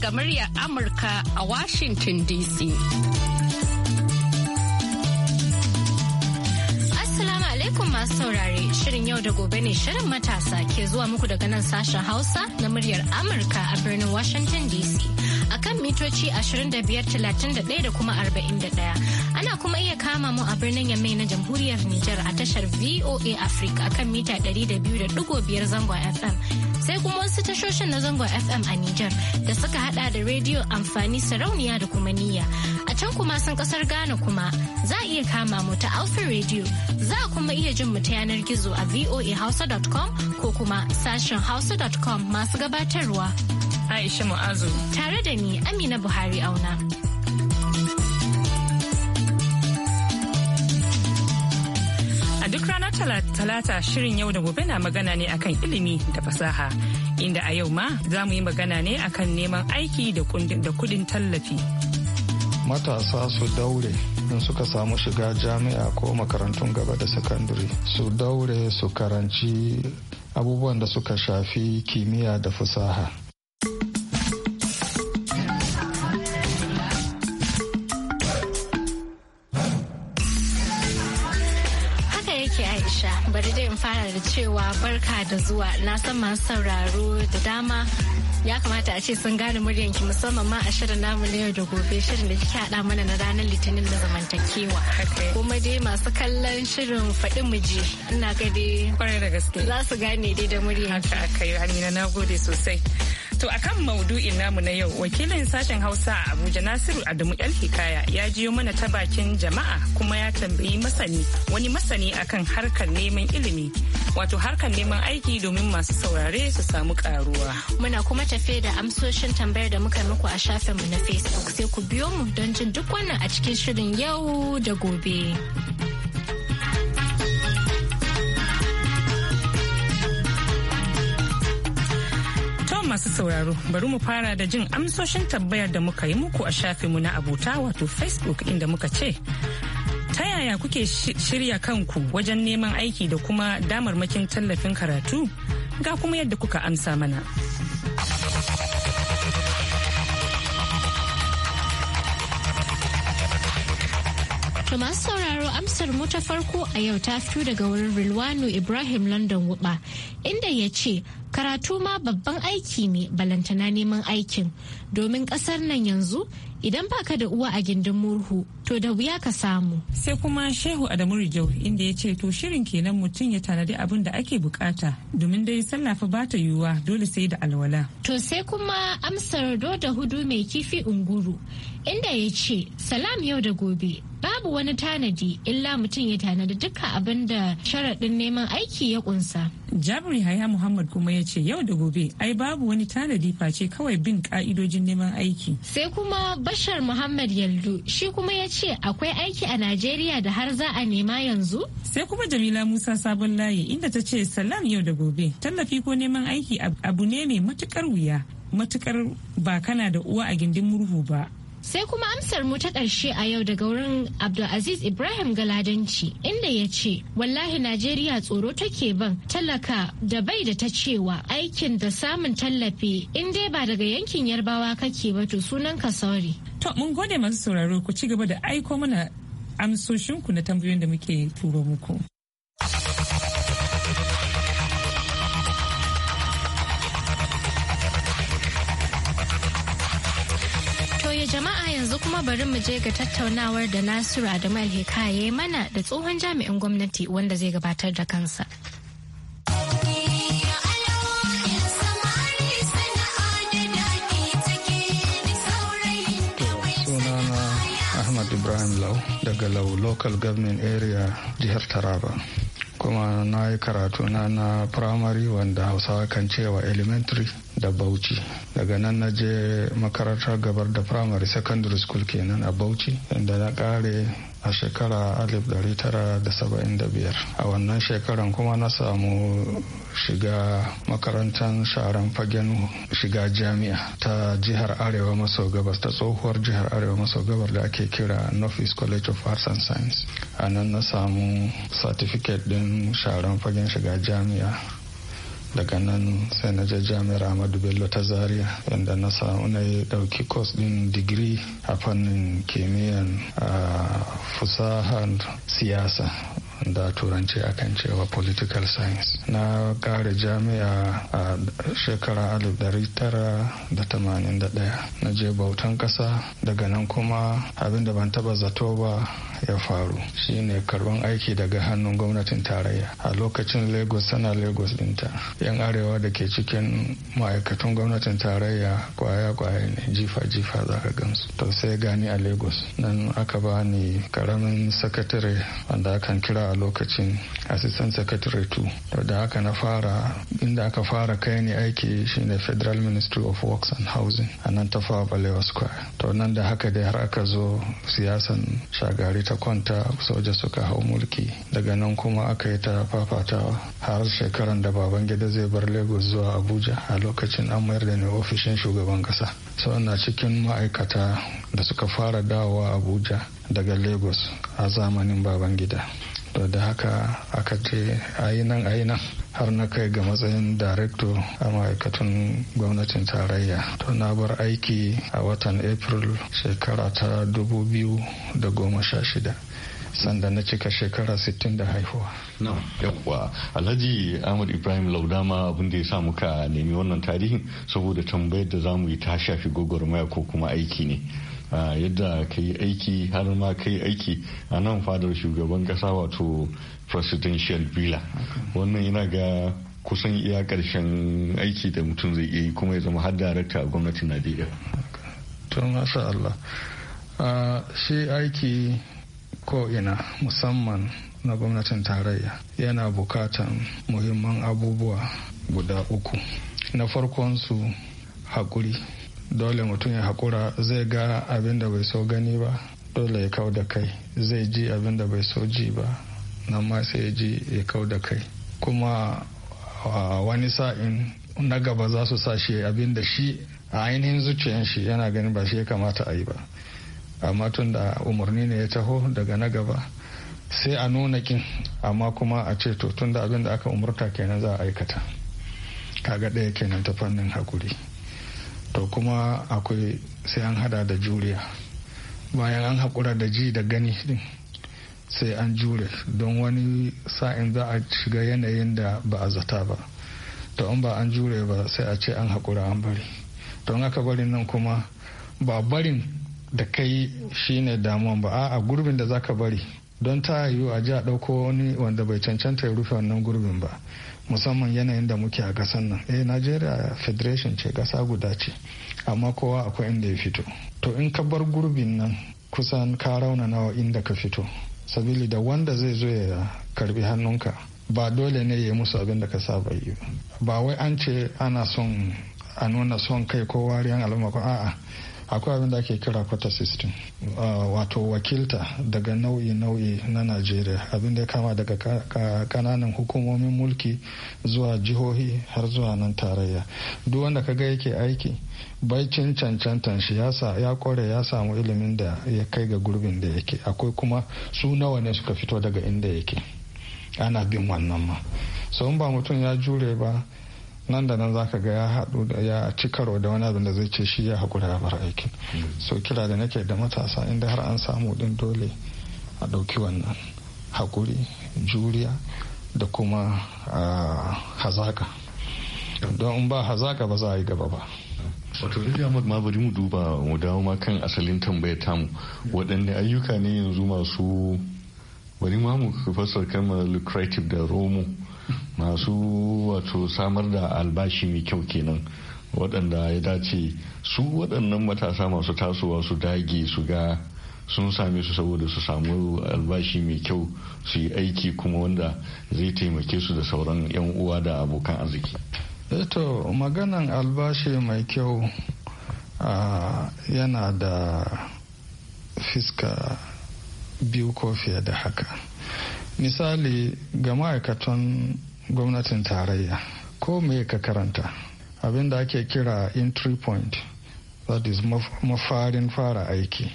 daga muryar Amurka a Washington DC. Assalamu alaikum masu saurare shirin yau da gobe ne shirin matasa ke zuwa muku daga nan sashen Hausa na muryar Amurka a birnin Washington DC. A kan mitoci 25,31 da kuma 41. Ana kuma iya kama mu a birnin Yamai na Jamhuriyar Nijar a tashar VOA Africa akan mita 200.5 zangon FM. sai kuma wasu tashoshin na zangon FM a Nijar da suka hada da rediyo amfani sarauniya da kuma niyya. A can kuma sun kasar Ghana kuma za a iya kama mu ta Alpha Radio za a kuma iya jin mu ta yanar gizo a voahausa.com ko kuma sashen hausa.com masu gabatarwa. Aisha Mu'azu. Tare da ni Amina Buhari auna. duk ranar talata shirin yau da gobe na magana ne akan ilimi da fasaha. Inda a yau ma za mu yi magana ne akan neman aiki da kudin tallafi. Matasa su daure in suka samu shiga jami'a ko makarantun gaba da sakandare su daure su karanci abubuwan da suka shafi kimiyya da fasaha. fara da cewa barka da zuwa na san masu sauraro da dama ya kamata a ce sun gane muryanki musamman ma a shirin namu na yau da gobe shirin da kike haɗa mana na ranar litinin da zamantakewa kuma dai masu kallon shirin faɗi miji ina ga dai kwarai da gaske za su gane dai da muryanki haka akai amina na gode sosai To a kan maudu'in namu na yau wakilin sashen Hausa a Abuja Nasiru Adamu Hikaya ya jiyo mana ta bakin jama'a kuma ya tambayi masani wani masani akan harkar neman ilimi wato harkar neman aiki domin masu saurare su samu karuwa. Muna kuma tafe da amsoshin tambayar da muka muku a shafinmu na Facebook sai ku biyo mu don jin duk wannan a cikin shirin yau da gobe. masu sauraro bari mu fara da jin amsoshin tambayar da muka yi muku a mu na abota wato facebook inda muka ce ta yaya kuke shirya kanku wajen neman aiki da kuma damarmakin tallafin karatu ga kuma yadda kuka amsa mana. To masu sauraro amsar mu ta farko a yau ta fito daga wurin Rilwanu Ibrahim London Wuba inda ya ce karatu ma babban aiki ne balantana neman aikin domin kasar nan yanzu idan baka da uwa a gindin murhu to da wuya ka samu. Sai kuma Shehu Adamu Rijau inda ya ce to shirin kenan mutum ya tanadi abin da ake bukata domin dai sallafa ba ta yiwuwa dole sai da alwala. To sai kuma amsar Doda Hudu mai kifi unguru inda ya ce salam yau da gobe babu wani tanadi illa mutum ya tanadi duka abin da sharaɗin neman aiki ya kunsa. jabri haya muhammad kuma ya ce yau da gobe ai babu wani tanadi face kawai bin ka'idojin neman aiki sai kuma bashar muhammad yaldu shi kuma ya ce akwai aiki a najeriya da har za a nema yanzu sai kuma jamila musa sabon layi inda ta ce salam yau da gobe tallafi ko neman aiki abu ne mai matukar wuya matukar ba kana da uwa a gindin murhu ba Sai kuma amsar mu ta ƙarshe a yau daga wurin Abdulaziz Ibrahim Galadanci inda ya ce, Wallahi Najeriya tsoro take ban talaka da bai da ta cewa aikin da samun tallafi in dai ba daga yankin yarbawa kake ba to sunan ka sauri. To mun gode masu sauraro ku ci gaba da aiko mana amsoshinku na tambayoyin da muke turo muku. Tore jama'a yanzu kuma bari mu je ga tattaunawar da Nasiru Adamu Alhikaye mana da tsohon jami'in gwamnati wanda zai gabatar da kansa. Ahmad Ibrahim Lau daga Lau Local Government Area jihar Taraba. Kuma na yi karatu na na primary wanda Hausawa kan cewa elementary da bauchi daga nan na je makarantar gabar da primary secondary school kenan a bauchi inda na kare a shekara 1975 a wannan shekaran kuma na samu shiga makarantar sharan fagen shiga jami'a ta jihar arewa maso gabas ta tsohuwar jihar arewa maso gabar da ake kira North East college of arts and science a nan na samu certificate din sharan fagen shiga jami'a daga nan sai na je jami'ar ahmadu bello ta zaria inda na samu na yi ɗauki kwas ɗin digiri a fannin kimiyyan fusahar siyasa da turanci akan cewa political science na kare jami'a a shekara 1981 na je bautan kasa daga nan kuma abinda ban taba zato ba ya faru shine karban aiki daga hannun gwamnatin tarayya a lokacin lagos sana lagos dinta yan arewa da ke cikin ma'aikatan gwamnatin tarayya kwaya-kwaya ne jifa-jifa za ka gansu to sai gani a lagos nan aka ba ni karamin sakatare wanda akan kira a lokacin assistant secretary 2 to da aka na fara inda aka fara kai ni aiki shine federal ministry of works and housing a nan ta balewa square to nan da haka dai har aka zo siyasan shagari ta kwanta soja suka hau mulki daga nan kuma aka yi ta fafatawa har shekaran da baban gida zai bar lagos zuwa abuja a lokacin an mayar da ni ofishin shugaban kasa sau na cikin ma'aikata da suka fara dawowa abuja daga lagos a zamanin baban gida to da haka aka je ayi nan ayi nan har na kai ga matsayin darekto a ma'aikatan gwamnatin tarayya to na bar aiki a watan april shekara ta dubu biyu da goma sha shida sanda na cika shekara sittin da haihuwa. na Yawwa, Alhaji Ahmad Ibrahim Laudama abin da ya sa muka nemi wannan tarihin saboda tambayar da za mu yi ta shafi maya ko kuma aiki ne. yadda ka yi aiki har ma ka yi aiki a nan fadar shugaban kasa wato presidential villa wannan yana ga kusan iya karshen aiki da mutum zai iya yi kuma ya zama har darakta a gwamnatin najeriya tun hasa Allah shi aiki ko ina musamman na gwamnatin tarayya yana bukatan muhimman abubuwa guda uku na farkon su haƙuri dole mutum ya haƙura zai ga abin da bai so gani ba dole ya kau da kai zai ji abin da bai so ji ba nan ma sai ya ji ya kau da kai kuma wani sa'in na gaba za su sa shi abin da shi a ainihin zuciyan shi yana ganin ba shi ya kamata a yi ba amma tun da umarni ne ya taho daga na gaba sai a nuna kin amma kuma a ce to tun da abin da aka umarta kenan za a aikata kaga ɗaya kenan ta fannin hakuri to kuma akwai sai an hada da juriya bayan an haƙura da ji da gani sai an jure don wani sa'in za a shiga yanayin da ba a zata ba to in ba an jure ba sai a ce an haƙura an bari to in aka barin nan kuma ba barin da kai shine damuwan ba a gurbin da zaka bari don ta yiwu a ji a ɗauko wani wanda bai cancanta ya rufe wannan gurbin ba musamman yanayin da muke a ƙasar nan eh najeriya federation ce gasa guda ce amma kowa akwai inda ya fito to in ka bar gurbin nan kusan ka rauna nawa inda ka fito sabili da wanda zai zo ya karbi hannunka ba dole ne ya musu abin da ka saba yi ba wai an ce ana son a nuna son kai ko wariyan al'umma a'a akwai abin da ake kira kwata system wato wakilta daga nau'i-nau'i na najeriya abin da ya kama daga kananan hukumomin mulki zuwa jihohi har zuwa nan tarayya duk wanda kaga yake aiki baicin cancantan shi ya kore ya samu ilimin da ya kai ga gurbin da yake akwai kuma su nawa ne suka fito daga inda yake ana bin wannan ma so ba mutum ya jure ba nan da nan zaka ga ya haɗu da ya ci karo da wani abin da zai ce shi ya haƙura ya bar aiki. Hmm. so kira da nake da matasa inda har an samu ɗin dole a ɗauki wannan haƙuri juriya da kuma hazaka don ba hazaka ba za a yi gaba ba wato rijiya ma bari mu duba mu dawo ma kan asalin tambayar tamu waɗanne ayyuka ne yanzu masu bari ma mu fassar kan lucrative da romo masu wato samar da albashi mai kyau kenan waɗanda ya dace su waɗannan matasa masu tasowa su dage su ga sun same su saboda su samu albashi mai kyau su yi aiki kuma wanda zai taimake su da sauran 'yan uwa da abokan arziki. eto eh maganan albashi mai kyau yana da fiska biyu ko fiye da haka misali ga ma'aikatan gwamnatin tarayya ko me ka karanta abin da ake kira entry point that is mafarin fara aiki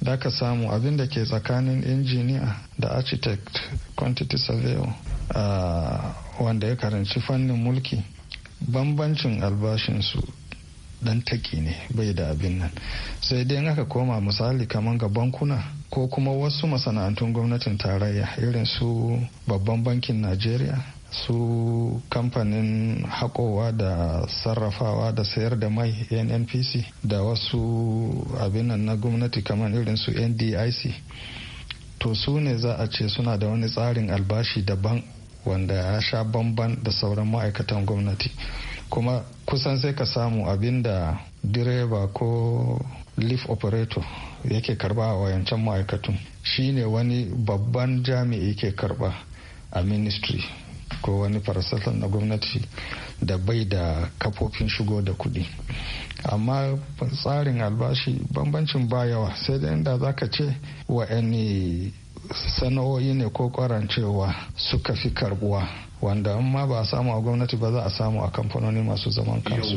da mm. ka samu abin da ke tsakanin injiniya da architect quantity surveyor ah, wanda ya karanci fannin mulki bambancin albashinsu dan taki ne bai da abin nan sai dai aka koma misali kamar ga bankuna ko kuma wasu masana'antun gwamnatin tarayya irin su babban bankin najeriya su kamfanin haƙowa da sarrafawa da sayar da mai nnpc da wasu abinan na gwamnati kamar irin su ndic to su ne za a ce suna da wani tsarin albashi daban wanda ya sha bamban da sauran ma'aikatan gwamnati kuma kusan sai ka samu abin da direba ko leaf operator yake karba a wayancan shi ne wani babban jami'i ke karba a ministry ko wani farasatan na gwamnati da bai da kafofin shigo da kuɗi amma tsarin albashi bambancin ba yawa sai da inda za ka ce wa'ani sana'o'i ne ko kwarancewa suka fi karbuwa wanda in ma ba a samu a gwamnati ba za a samu a kamfanoni masu zaman kansu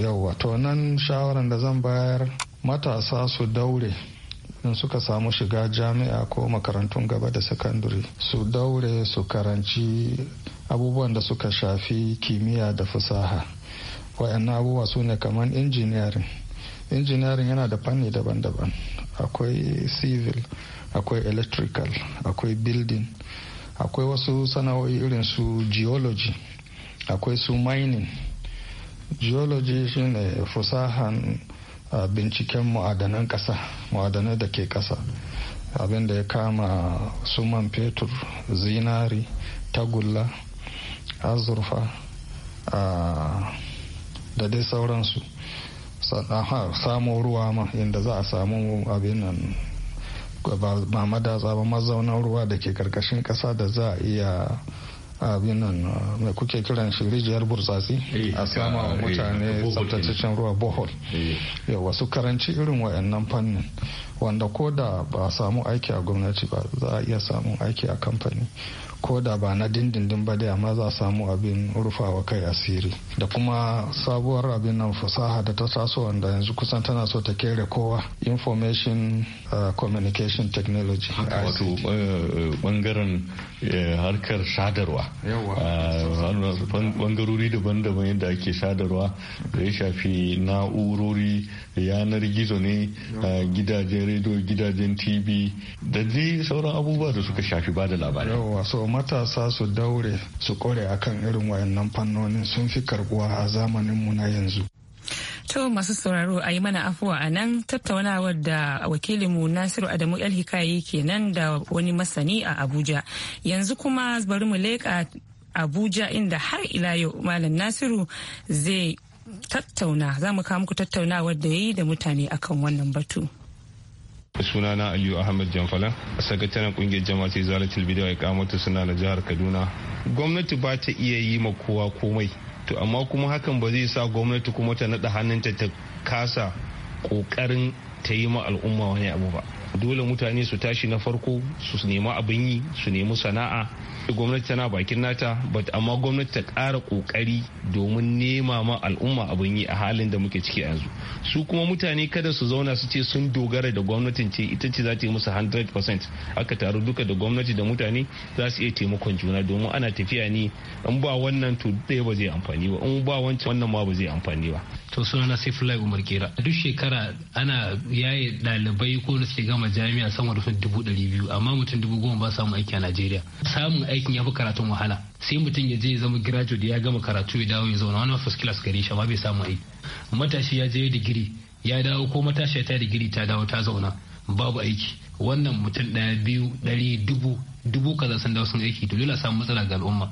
yawwa eh, to nan shawaran da zan bayar matasa su daure in suka samu shiga jami'a ko makarantun gaba da sakandare su daure su karanci abubuwan da suka shafi kimiyya da fasaha wayannan abubuwa su ne kamar injiniyarin injiniyarin yana da fanni daban-daban akwai civil akwai electrical akwai building akwai wasu sana'o'i irin su geology akwai su mining geology shine fusahan binciken ma'adanan ƙasa ma'adanai da ke ƙasa abin da ya kama suman man fetur zinari tagulla azurfa da dai sauransu samun ruwa ma inda za a samu abin nan ba madatsa ba mazaunan ruwa da ke karkashin kasa da za a iya abin nan mai kuke kiran shi rijiyar burtsatsi eh, a sama eh, mutane eh, tsabtataccen ruwa bohol yawa su karanci irin wayannan fannin wanda ko da ba samu aiki a gwamnati ba za a iya samun aiki a kamfani ko da ba na dindindin ba da amma za samu abin rufawa kai asiri da kuma sabuwar abin nan fasaha da ta taso wanda yanzu kusan tana so ta kere kowa information uh, communication technology wato bangaren uh, uh, harkar sadarwa bangarori daban-daban yadda ake sadarwa da ya shafi na'urori yanar gizo ne a gidajen rediyo gidajen tv da ji sauran abubuwa da suka shafi ba da labarai yawa so matasa su daure su kore akan irin wayannan fannonin sun fi karbuwa a zamanin mu na yanzu To masu sauraro a yi mana afuwa a nan tattaunawar da wakilinmu Nasiru Adamu El Hikayi kenan da wani masani a Abuja. Yanzu kuma bari mu leƙa Abuja inda har ila yau Malam Nasiru zai tattauna za mu kawo muku tattaunawar da ya yi da mutane akan wannan batu. sunana aliyu ahmed jamfala sakataren kungiyar jama'a ce zara tilbidawa ya kamata suna na jihar kaduna gwamnati ba ta iya yi ma kowa komai to amma kuma hakan ba zai sa gwamnati kuma ta naɗa hannunta ta kasa kokarin ta yi ma al'umma wani abu ba dole mutane su tashi na farko su nemi abin yi su nemi sana'a gwamnati tana bakin nata but amma gwamnati ta kara ƙoƙari domin nema ma al'umma abin yi a halin da muke ciki yanzu su kuma mutane kada su zauna su ce sun dogara da gwamnatin ce ita ce za ta yi musu 100% aka taru duka da gwamnati da mutane za su iya taimakon juna domin ana tafiya ne in ba wannan to ɗaya ba zai amfani ba in ba wancan wannan ma ba zai amfani ba to sunana sai fulai umar kera duk shekara ana yaye ɗalibai ko na gama ma jami'a sama da mutum dubu ɗari biyu amma mutum dubu goma ba samun aiki a najeriya samun aikin ya fi karatun wahala sai mutum ya je ya zama graduate ya gama karatu ya dawo ya zauna wani first class gare shi amma bai samu aiki matashi ya je digiri ya dawo ko matashi ta digiri ta dawo ta zauna babu aiki wannan mutum ɗaya biyu ɗari dubu dubu kaza sun dawo sun aiki to dole samu matsala ga al'umma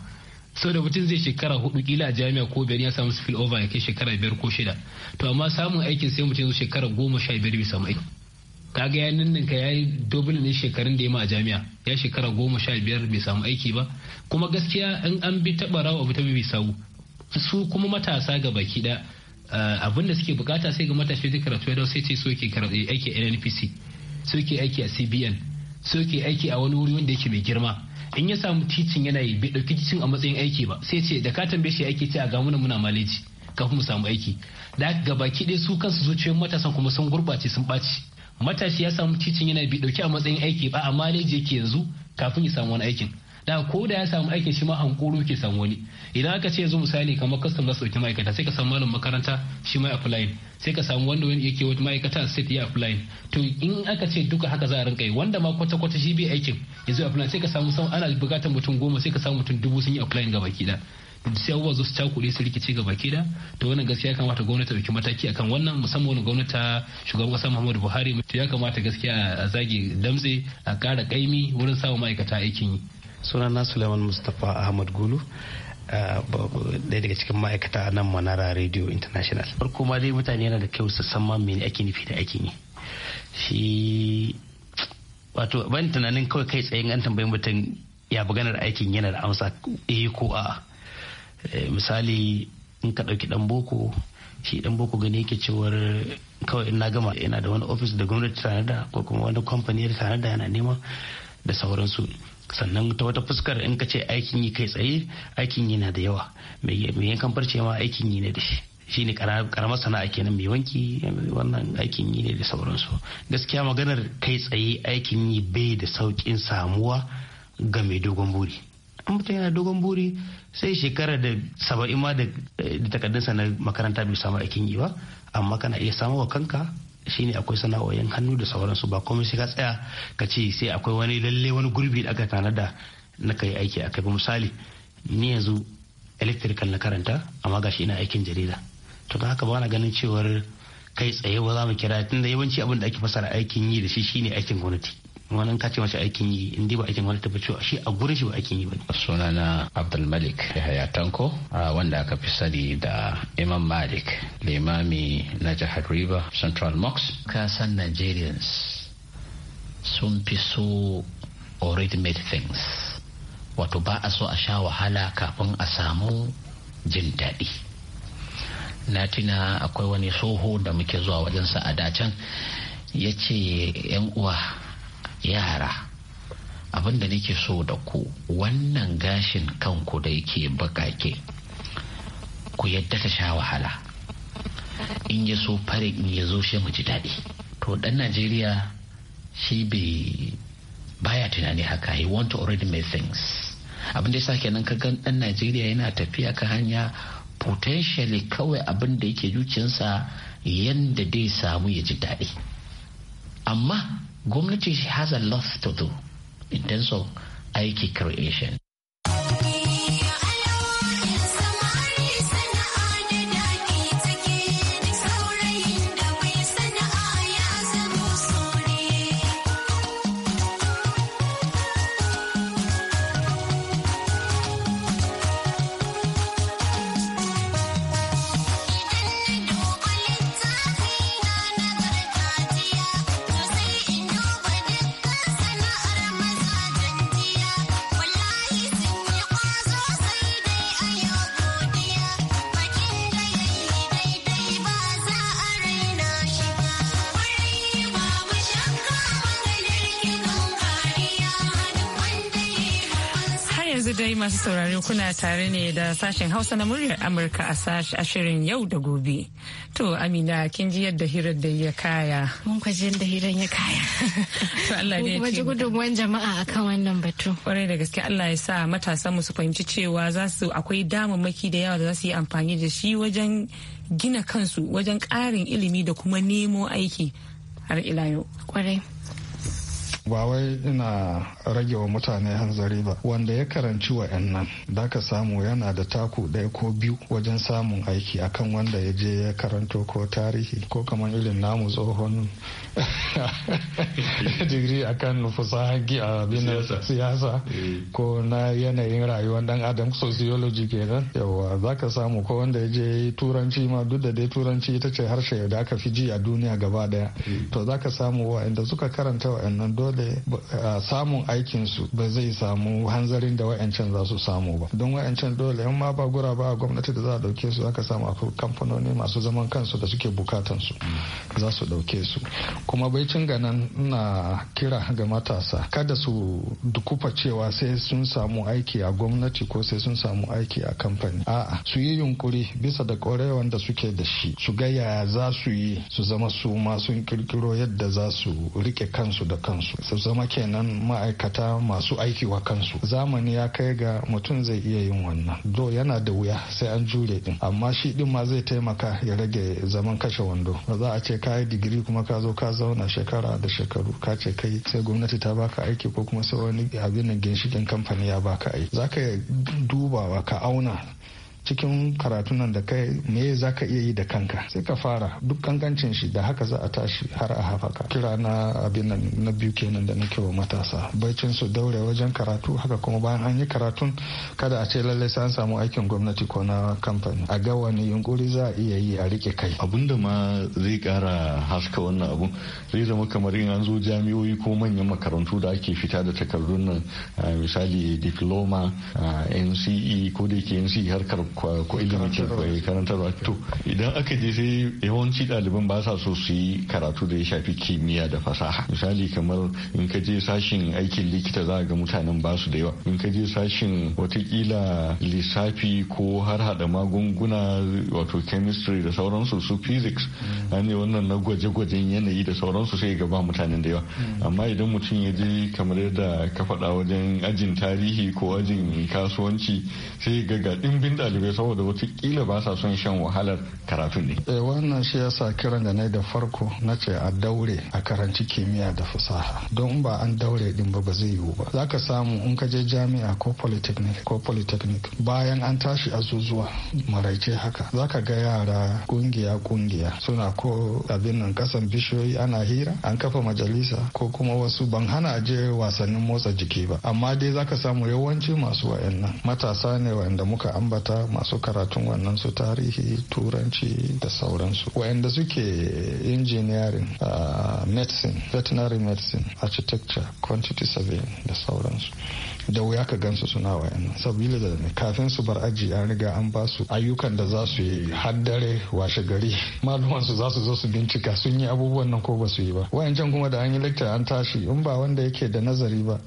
sau da mutum zai shekara hudu kila a jami'a ko biyar ya samu spill over ya kai shekara biyar ko shida to amma samun aikin sai mutum zai shekara goma sha biyar bai samu aiki kaga ya ninninka ya yi dobin ne shekarun da ya ma a jami'a ya shekara goma sha biyar bai samu aiki ba kuma gaskiya in an bi taɓa rawa abu ta bai sawu su kuma matasa ga baki da eh, abin da suke bukata sai ga matashi da karatu ya sai ce soke eh, aiki a nnpc soke aiki a cbn soke aiki a wani wuri wanda yake mai girma in ya samu titin yana yi bai ɗauki titin a matsayin aiki ba sai ce da ka tambaye shi aiki ce a gamuna muna maleji kafin mu samu aiki da ga baki ɗaya su kansu zuciyoyin matasan kuma sun gurɓace sun ɓaci matashi ya samu cicin yana bi dauki a matsayin aiki ba amma je yake yanzu kafin ya samu wani aikin da ko da ya samu aikin shi ma hankoro ke samu wani idan aka ce yanzu misali kamar custom za su dauki ma'aikata sai ka samu malam makaranta shi ma apply sai ka samu wanda wani yake wata ma'aikata state ya apply to in aka ce duka haka za a rinka yi wanda ma kwata kwata shi bai aikin yanzu apply sai ka samu ana bukatar mutum goma sai ka samu mutum dubu sun yi apply ga baki da sai abubuwa su cakuɗe su rikici ga baki da to wannan gaskiya ya kamata gwamnati ta ɗauki mataki akan wannan musamman wani gwamnati shugaban kasa Muhammadu Buhari ya kamata gaskiya a zage damtse a kara kaimi wurin samun ma'aikata aikin yi. Sunana Suleiman Mustapha Ahmad Gulu. ɗaya daga cikin ma'aikata a nan manara radio international farko ma dai mutane yana da kyau su san ma mene ake nufi da aikin yi shi wato ban tunanin kawai kai tsayin an tambayi mutum ya maganar aikin yana da amsa eh ko a'a Eh, misali in ka ɗauki ɗan boko shi ɗan boko gani yake cewar kawai in na gama yana da wani ofis da gwamnati tanada ko kuma wani kamfani da yana nema da sauransu sannan ta wata fuskar in ka ce aikin yi kai tsaye aikin yi na da yawa mai yankan farce ma aikin yi ne da shi ne karamar sana'a kenan mai wanki wannan aikin yi ne da sauransu gaskiya maganar kai tsaye aikin yi bai da saukin samuwa ga mai dogon buri in mutum yana dogon buri sai shekara da saba'in ma da takardunsa na makaranta bai samu aikin yi ba amma kana iya samu wa kanka shine akwai sana'o'in hannu da sauransu ba komai sai ka tsaya ka ce sai akwai wani lalle wani gurbi da aka tanada na kai aiki a kai misali ni yanzu electrical na karanta amma gashi ina aikin jarida to don haka bana ganin cewar kai tsaye ba za mu kira tunda yawanci abin da ake fasara aikin yi da shi shine aikin gwamnati wannan ka ce masa aikin yi in dai ba aikin wani ba a shi a gurin shi ba aikin yi ba sunana abdulmalik yahaya tanko wanda aka fi sani da imam malik limami na jihar river central mox kasan nigerians sun fi so already made things wato ba a so a sha wahala kafin a samu jin daɗi na tuna akwai wani soho da muke zuwa wajen sa a dacen ya ce 'yan uwa yara abin da nake so da ku wannan gashin kanku da yake bakake ku yadda ta sha wahala in ya so fare in ya zo shi mu ji daɗi to ɗan najeriya shi bai baya tunani haka he want to already make things abin da yasa kenan ka gan ɗan najeriya yana tafiya ka hanya potentially kawai abin da yake zuciyarsa yanda dai samu ya ji daɗi amma Gwamnati has a lot to do in terms of IT creation. masu saurare kuna tare ne da sashen Hausa na muryar Amurka a shirin yau da gobe. To Amina kin ji yadda hirar da ya kaya. Mun kwa yadda hirar ya kaya. To Allah ne ya ce. gudunmuwan jama'a akan wannan batu. Kwarai da gaske Allah ya sa matasan mu su fahimci cewa za su akwai damammaki da yawa da za su yi amfani da shi wajen gina kansu wajen ƙarin ilimi da kuma nemo aiki har ila yau. Kwarai. ba wai ina rage wa mutane hanzari ba wanda ya karanci wa nan da ka samu yana da taku ɗaya ko biyu wajen samun aiki akan wanda ya je ya karanto ko tarihi ko kamar ilin namu tsohon digiri akan fusahagi a binar siyasa eh. ko na yanayin rayuwar dan adam sociology kenan yawa za ka samu ko wanda ya je turanci ma duk da dai turanci ita ce harshe da aka fi ji a duniya gaba daya eh. to za ka samu wa inda suka karanta wa'annan dole da eh, samun aikinsu ba zai samu hanzarin da wa'ancan za su samu ba don wa'ancan dole in ma ba gura ba a gwamnati da za a dauke su aka samu a kamfanoni masu zaman kansu da suke bukatan su za su dauke su kuma bai cin ganan na kira ga matasa kada su dukufa cewa sai sun samu aiki a gwamnati ko sai sun samu aiki a kamfani a'a su yi yunkuri bisa da korewan da suke da shi su ga yaya za su yi su zama su ma sun kirkiro yadda za su rike kansu da kansu su zama kenan ma'aikata masu aiki wa kansu zamani ya kai ga mutum zai iya yin wannan do yana da wuya sai an jure din amma shi din ma zai taimaka ya rage zaman kashe wando ba za a ce ka yi digiri kuma ka zo ka zauna shekara da shekaru ka ce kai sai gwamnati ta baka aiki ko kuma sai wani abin ginshikin kamfani ya baka aiki za ka dubawa ka auna cikin karatun nan da kai me za ka iya yi da kanka sai ka fara duk kankancin shi da haka za a tashi har a hafaka kira na abin nan na biyu kenan da nake wa matasa baicin su daure wajen karatu haka kuma bayan an yi karatun kada a ce lallai sai an samu aikin gwamnati ko na kamfani a ga wani yunkuri za a iya yi a rike kai abun da ma zai kara haska wannan abu zai zama kamar yin an zo jami'oyi ko manyan makarantu da ake fita da takardun nan misali diploma nce ko da yake nce harkar ko ilimin kirkwai to idan aka je sai yawanci ɗaliban ba sa so su yi karatu da ya shafi kimiyya da fasaha misali kamar in ka je sashin aikin likita za ga mutanen ba su da yawa in ka je sashin watakila lissafi ko har hada magunguna wato chemistry da sauransu su physics mm. an yi wannan na gwaje-gwajen yanayi da sauransu sai ga ba mutanen da yawa mm. amma idan mutum ya je kamar yadda ka faɗa wajen ajin tarihi ko ajin kasuwanci sai ga ga ɗimbin ɗalibai ne saboda wata kila ba sa son shan wahalar karatu ne. Eh wannan shi ya yasa kiran da na da farko na ce a daure a karanci kimiyya da fasaha don ba an daure din ba ba zai yiwu ba. Za ka samu in ka je jami'a ko polytechnic ko polytechnic bayan an tashi azuzuwa maraice haka za ka ga yara kungiya kungiya suna ko abin nan kasan bishiyoyi ana hira an kafa majalisa ko kuma wasu ban hana je wasannin motsa jiki ba amma dai za ka samu yawanci masu wayannan matasa ne da muka ambata masu karatun wannan su tarihi turanci da sauransu wayanda suke engineering medicine veterinary medicine architecture quantity surveying da sauransu da wuya ka gansu suna wayan sabila da ne kafin su bar aji an riga an ba su ayyukan da za su yi haddare washe gari maluman su za su zo su bincika sun yi abubuwan nan ko ba su yi ba wayancan kuma da an yi lecture an tashi in ba wanda yake da nazari ba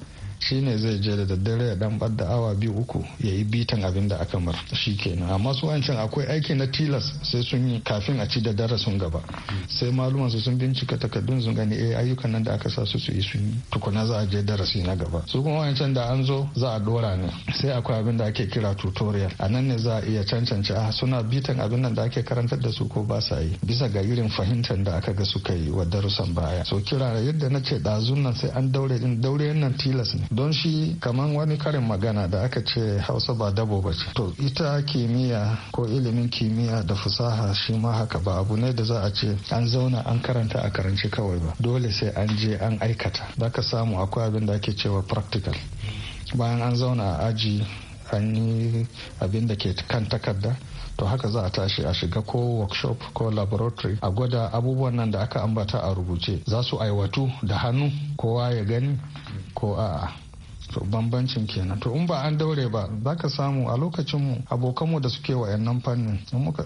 Shi ne zai je da daddare ya dan da awa biyu uku ya yi bitan abin da aka mar shi kenan amma su wancan akwai aiki na tilas sai sun yi kafin a ci da darasin gaba sai maluman su sun bincika takardun sun gani eh ayyukan nan da aka sa su su yi sun yi tukuna za a je darasi na gaba su kuma wancan da an zo za a dora ne sai akwai abin da ake kira tutorial a nan ne za a iya cancanci a ah, suna bitan abin nan da ake karantar da su ko ba sa yi bisa ga irin fahimtar da aka ga suka yi wa darussan baya so kira yadda na ce dazun nan sai an daure din daure nan tilas ne don shi kamar wani karin magana da aka ce hausa ba dabo ba ce to ita kimiyya ko ilimin kimiyya da fasaha shi ma haka ba abu ne da za a ce an zauna an karanta a karanci kawai ba dole sai an je an aikata za ka samu akwai abin da ake cewa practical bayan an zauna a aji an yi abin da ke kan takarda to haka za a tashi a shiga ko workshop ko laboratory a gwada abubuwan nan da aka ambata a rubuce za su aiwatu da hannu kowa ya gani ko a'a to bambancin kenan to in ba an daure ba za ka samu a lokacin mu abokanmu da suke wa yannan fannin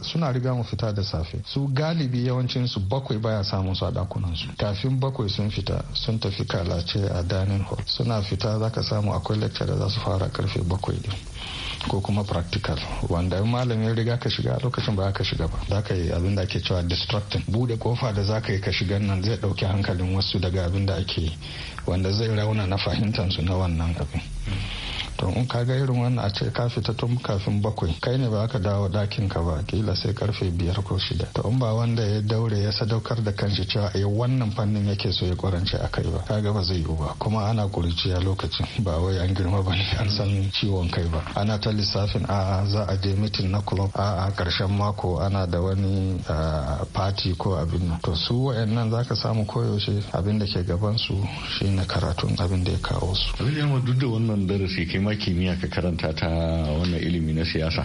suna riga mu fita da safe su galibi yawancin su bakwai baya samun su a dakunan su kafin bakwai sun fita sun tafi kalace a dining hall suna fita za ka samu akwai lecturer za su fara karfe bakwai din ko kuma practical wanda in malam ya riga ka shiga lokacin ba ka shiga ba za ka yi abin da ake cewa destructing bude kofa da za ka yi ka shiga nan zai dauki hankalin wasu daga abin da ake yi wanda zai rauna na fahimtansu na wannan abin to in ka ga irin wannan a ce ka fita tun kafin bakwai kai ne ba ka dawo dakin ka ba kila sai karfe biyar ko shida to in ba wanda ya daure ya sadaukar da kanshi cewa a wannan fannin yake so ya kwarance a kai ba kaga ba zai yiwu ba kuma ana kuriciya lokacin ba wai an girma ba ne an san ciwon kai ba ana ta lissafin a za a je mitin na club a a karshen mako ana da wani party ko abin nan to su wayannan zaka samu koyaushe abin da ke gaban su shine karatun abin da ya kawo su. duk da wannan darasi kai kuma kimiyya ka karanta ta wannan ilimi na siyasa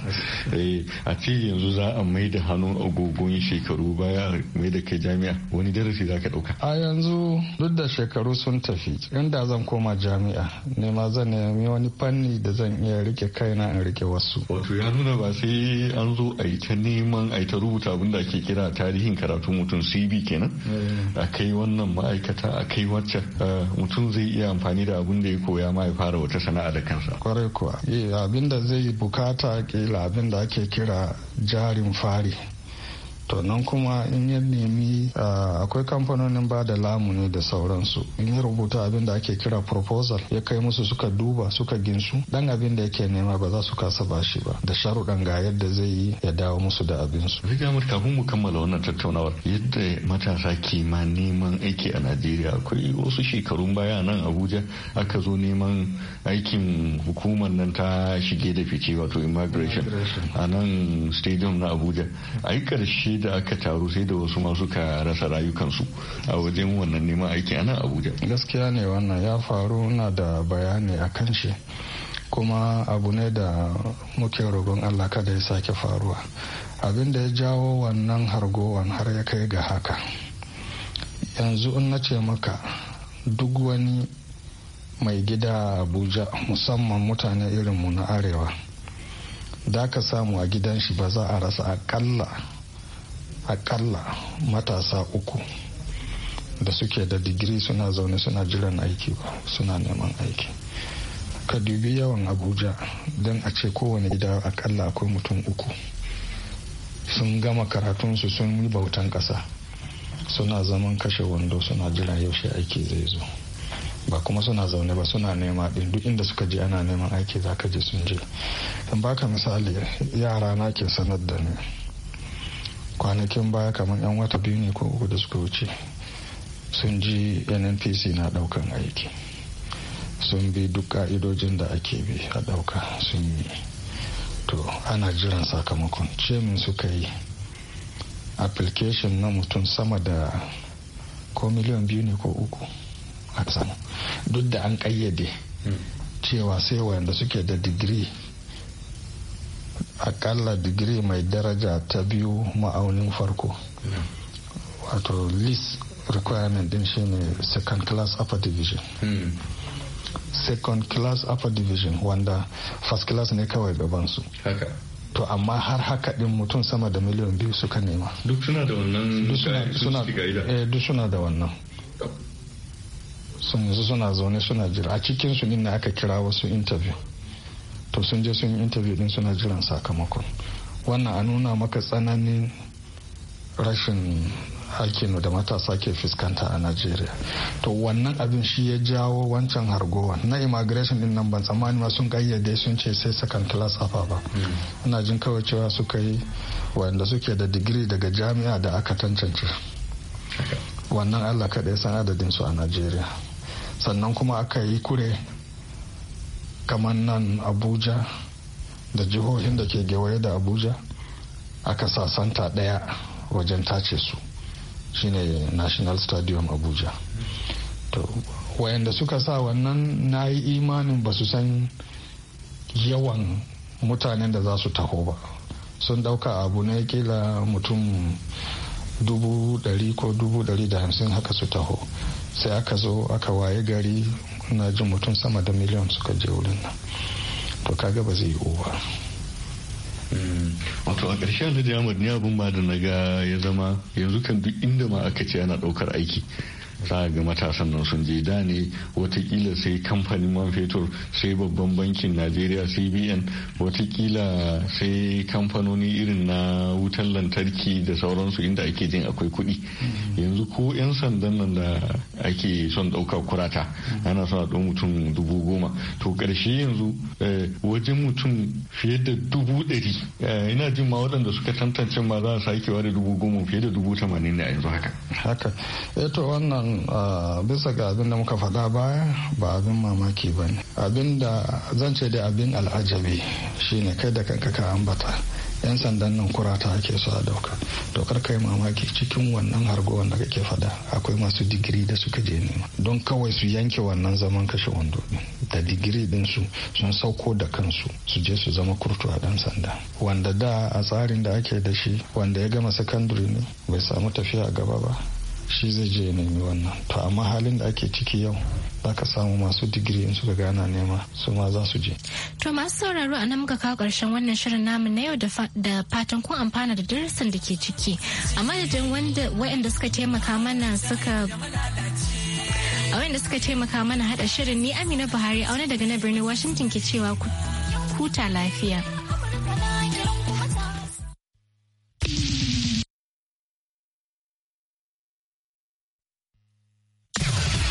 eh, a ce yanzu za a mai da hannun agogon shekaru baya mai da kai jami'a wani darasi za ka dauka a yanzu duk da shekaru sun tafi inda zan koma jami'a ne ma zan nemi wani fanni da zan iya rike kaina in rike wasu wato ya nuna ba sai an zo a yi ta neman a yi ta rubuta abin da ake kira tarihin karatu mutum cv kenan eh. a kai wannan ma'aikata a kai wacce eh, mutum zai iya amfani da abin da ya koya ma ya fara wata sana'a da kansa kwarai kwarai kuwa eh, abinda zai bukata kila abinda ake kira jarin fari to nan kuma in ya nemi ah, akwai kamfanonin ba da lamuni da sauransu in ya rubuta abin da ake kira proposal ya kai musu suka duba suka ginsu dan abin da yake nema ba za su kasa ba shi ba da sharuɗan ga yadda zai yi ya dawo musu da abin su. kafin mu kammala wannan tattaunawar yadda matasa ke ma neman aiki a Najeriya akwai wasu shekarun baya nan Abuja aka zo neman aikin hukumar nan ta shige da fice wato immigration a nan stadium na Abuja. a yi karshe da aka taru sai da wasu masu ka rasa rayukansu a wajen wannan neman aiki ana abuja gaskiya ne wannan ya faru na da bayani a kan shi kuma abu ne da muke rogon allah kada ya sake faruwa abin da ya jawo wannan hargowan har ya kai ga haka yanzu in na ce maka duk wani mai gida abuja musamman mutane irinmu na arewa da ka samu a gidan shi ba za a rasa akalla akalla matasa uku da suke da digiri suna zaune suna jiran aiki ba suna neman aiki ka dubi yawan abuja don a ce kowane gida akalla akwai mutum uku sun gama karatunsu sun yi bautan ƙasa suna zaman kashe wando suna jiran yaushe aiki zai zo ba kuma suna zaune ba suna nema din duk inda suka je ana neman aiki za ka je sun je don baka misali yara na ke sanar da ni kwanakin baya kamar yan wata biyu ne ko uku da suka wuce sun ji nnpc na daukan aiki sun bi duk ka'idojin da ake bi a dauka sun yi to ana jiran sakamakon cemin suka yi application na mutum sama da ko miliyan biyu ne ko uku a duk da an kayyade hmm. cewa sai wanda suke da digiri akalla digiri mai daraja ta biyu ma'aunin farko wato list requirement din shine second class upper division hmm. second class upper division wanda first class ne kawai gaban su to amma har haka din mutum sama da miliyan biyu suka nema duk suna da wannan duk suna eh, da wannan oh. sun yanzu suna zaune suna jira a cikin su ne aka kira wasu interview to sun je sun yi interview din suna jiran sakamakon wannan a nuna maka tsananin rashin hakinu da matasa ke fuskanta a najeriya to wannan abin shi ya jawo wancan hargowa na immigration din nan ban tsammani ma sun kayyade sun ce sai second class afa ba hmm. ina jin kawai cewa suka yi wanda suke da digiri daga jami'a da aka tantance wannan allah kaɗai san adadin su a najeriya sannan kuma aka yi kure kamar nan abuja da jihohin da ke gewaye da abuja aka sasanta ɗaya wajen tace su shine national stadium abuja to wayanda suka sa wannan na yi imanin ba su san yawan mutanen da za su taho ba sun dauka abu na kila mutum dubu dari ko dubu dari da hamsin haka su taho sai aka zo aka waye gari na jin mutum sama da miliyan suka je wurin nan to kaga ba zai yi ba mm. wato a ƙarshe da ahmad ne abin ba da na ya zama yanzu kan duk inda ma aka ce ana ɗaukar aiki za ga matasan nan sun je da ne watakila sai kamfanin man fetur sai babban bankin najeriya cbn watakila sai kamfanoni irin na wutan lantarki da sauransu inda ake jin akwai kuɗi mm-hmm. yanzu ko 'yan sandan nan da ake son ɗauka kurata mm-hmm. ana son a mutum dubu goma to ƙarshe yanzu eh, wajen mutum fiye da dubu ɗari eh, ina jin ma waɗanda suka tantance ma za a sakewa da dubu goma fiye da dubu tamanin ne a yanzu haka haka eto eh, wannan wannan ah, bisa ga abin da muka faɗa baya ba abin mamaki ba ne abin da zan ce da abin al'ajabi shine kai da kanka ka ambata yan sandan nan kurata ake so a dauka to kar kai mamaki cikin wannan hargowar da kake faɗa akwai masu digiri da suka je nema don kawai su yanke wannan zaman kashe wando da digiri din su sun sauko da kansu su je su zama kurtu a dan sanda wanda da a tsarin da ake da shi wanda ya gama sakandare ne bai samu tafiya gaba ba shi zai je nemi wannan to amma halin da ake ciki yau za ka samu masu digiri in suka gana nema su ma za su je to masu sauraro a nan muka kawo karshen wannan shirin namu na yau da fatan kun amfana da darasin da ke ciki a madadin wanda suka taimaka mana suka a wayanda suka taimaka mana hada shirin ni amina buhari a wani daga na birnin washington ke cewa huta lafiya